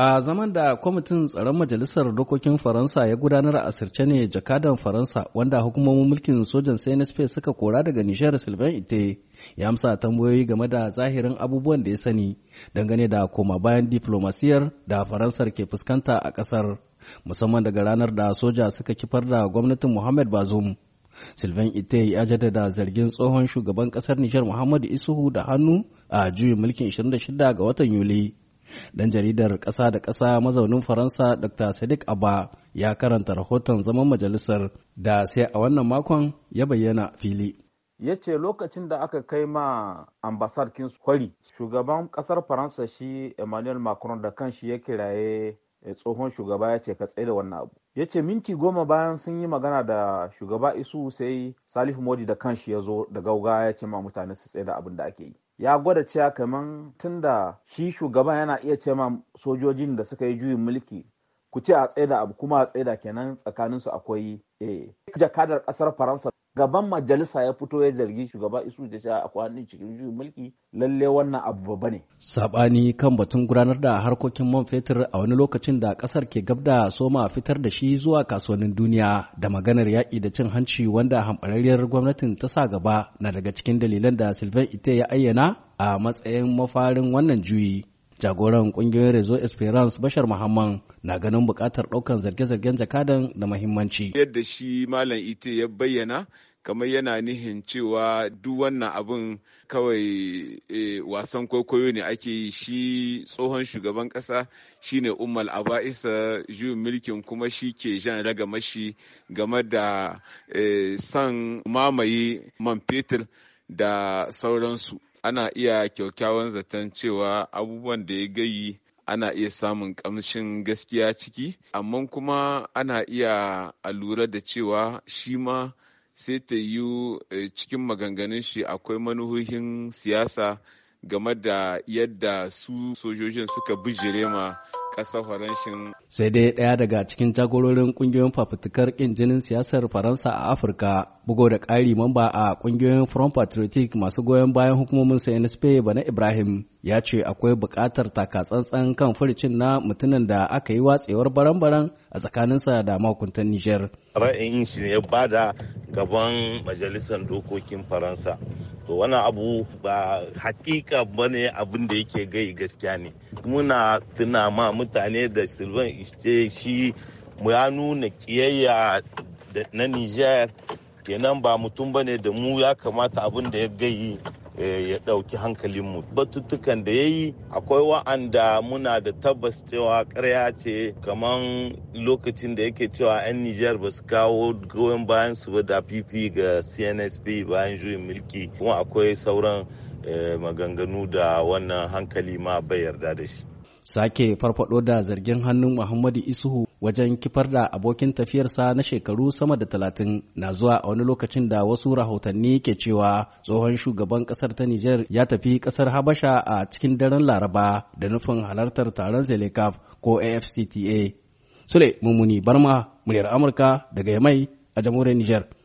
A zaman da kwamitin tsaron majalisar dokokin Faransa ya gudanar a asirce ne jakadan Faransa wanda hukumomin mulkin sojan CNSP suka kora daga nishiyar Sylvain Ite ya amsa tambayoyi game da zahirin abubuwan da ya sani dangane da koma bayan diplomasiyar da Faransar ke fuskanta a kasar musamman daga ranar da soja suka kifar da gwamnatin Mohamed Bazum. Sylvain Ite ya jaddada zargin tsohon shugaban ƙasar Nijar Muhammadu Isuhu da hannu a juyin mulkin 26 ga watan Yuli. Dan jaridar ƙasa da ƙasa mazaunin Faransa Dr. Sadiq Abba ya karanta rahoton zaman majalisar da sai a wannan makon ya bayyana fili. ya ce lokacin da aka kai ma ambasar kwari shugaban ƙasar faransa shi emmanuel macron da kan shi ya kiraye Eh, tsohon shugaba ya ce ka tsaye da wannan abu ya ce minti goma bayan sun yi magana da shugaba isu sai salifu modi da kanshi ya zo da gauga ya ce ma mutane su tsaye da abin da ake yi ya gwada cewa kaman da shi shugaba yana iya ce ma sojojin da suka yi juyin mulki ku ce a da abu kuma a da kenan tsakaninsu akwai eh, jakadar kasar faransa gaban majalisa ya fito ya zargi shugaba isu da sha a kwanin cikin juyin mulki lalle wannan abu ba ne sabani kan batun gudanar da harkokin man fetur a wani lokacin da kasar ke gab soma fitar da shi zuwa kasuwannin duniya da maganar yaƙi da cin hanci wanda hambararriyar gwamnatin ta sa gaba na daga cikin dalilan da Sylvain Ite ya ayyana a matsayin mafarin wannan juyi jagoran kungiyoyin rezo esperance bashar muhammad na ganin bukatar daukan zarge-zargen jakadan da mahimmanci yadda shi malam ite ya bayyana kamar yana nihin cewa duk wannan abin kawai eh, wasan kwaikwayo ne ake yi shi tsohon shugaban kasa shine umar aba'isa juyin mulkin kuma shi ke jan ragamashi game da eh, san mamaye man fetur da sauransu ana iya kyaukyawan zaton cewa abubuwan da ya gayi ana iya samun kamshin gaskiya ciki amma kuma ana iya alura da cewa shi ma sai ta yi eh, cikin maganganun shi akwai manuhohin siyasa game da yadda su sojojin suka bijire ma ƙasar faranshin. sai dai ɗaya daga cikin jagororin ƙungiyoyin fafutukar ƙin jinin siyasar faransa a afirka bugo da ƙari mamba a ƙungiyoyin front patriotic masu goyon bayan hukumomin spain bana ibrahim ya ce akwai buƙatar tsantsan kan furicin na mutumin da aka yi watsewar baran-baran a sa da maukuntan niger ra'ayin shi ne ya bada gaban majalisar dokokin faransa to wani abu ba hakika ba ne abin da yake gai gaskiya ne muna tuna ma mutane da sylvain ishe shi ya nuna kiyayya na niger kenan ba mutum ba ne da mu ya kamata abin da ya gai Eh, ya ɗauki hankalinmu batuttukan da ya yi akwai wa'anda muna da tabbas cewa karya ce kamar lokacin da yake cewa 'yan nijar ba su kawo goyon bayan su ba da pp ga cnsp bayan juyin mulki kuma akwai sauran eh, maganganu da wannan hankali ma bai yarda da shi sake farfado da zargin hannun Muhammadu Isuhu wajen kifar da abokin tafiyarsa na shekaru sama da talatin na zuwa a wani lokacin da wasu rahotanni ke cewa tsohon shugaban kasar ta Nijar ya tafi kasar Habasha a cikin daren Laraba da nufin halartar taron Zelekaf ko AFCTA. Sule Mummuni Barma, muryar Amurka daga Yamai a jamhuriyar Nijar.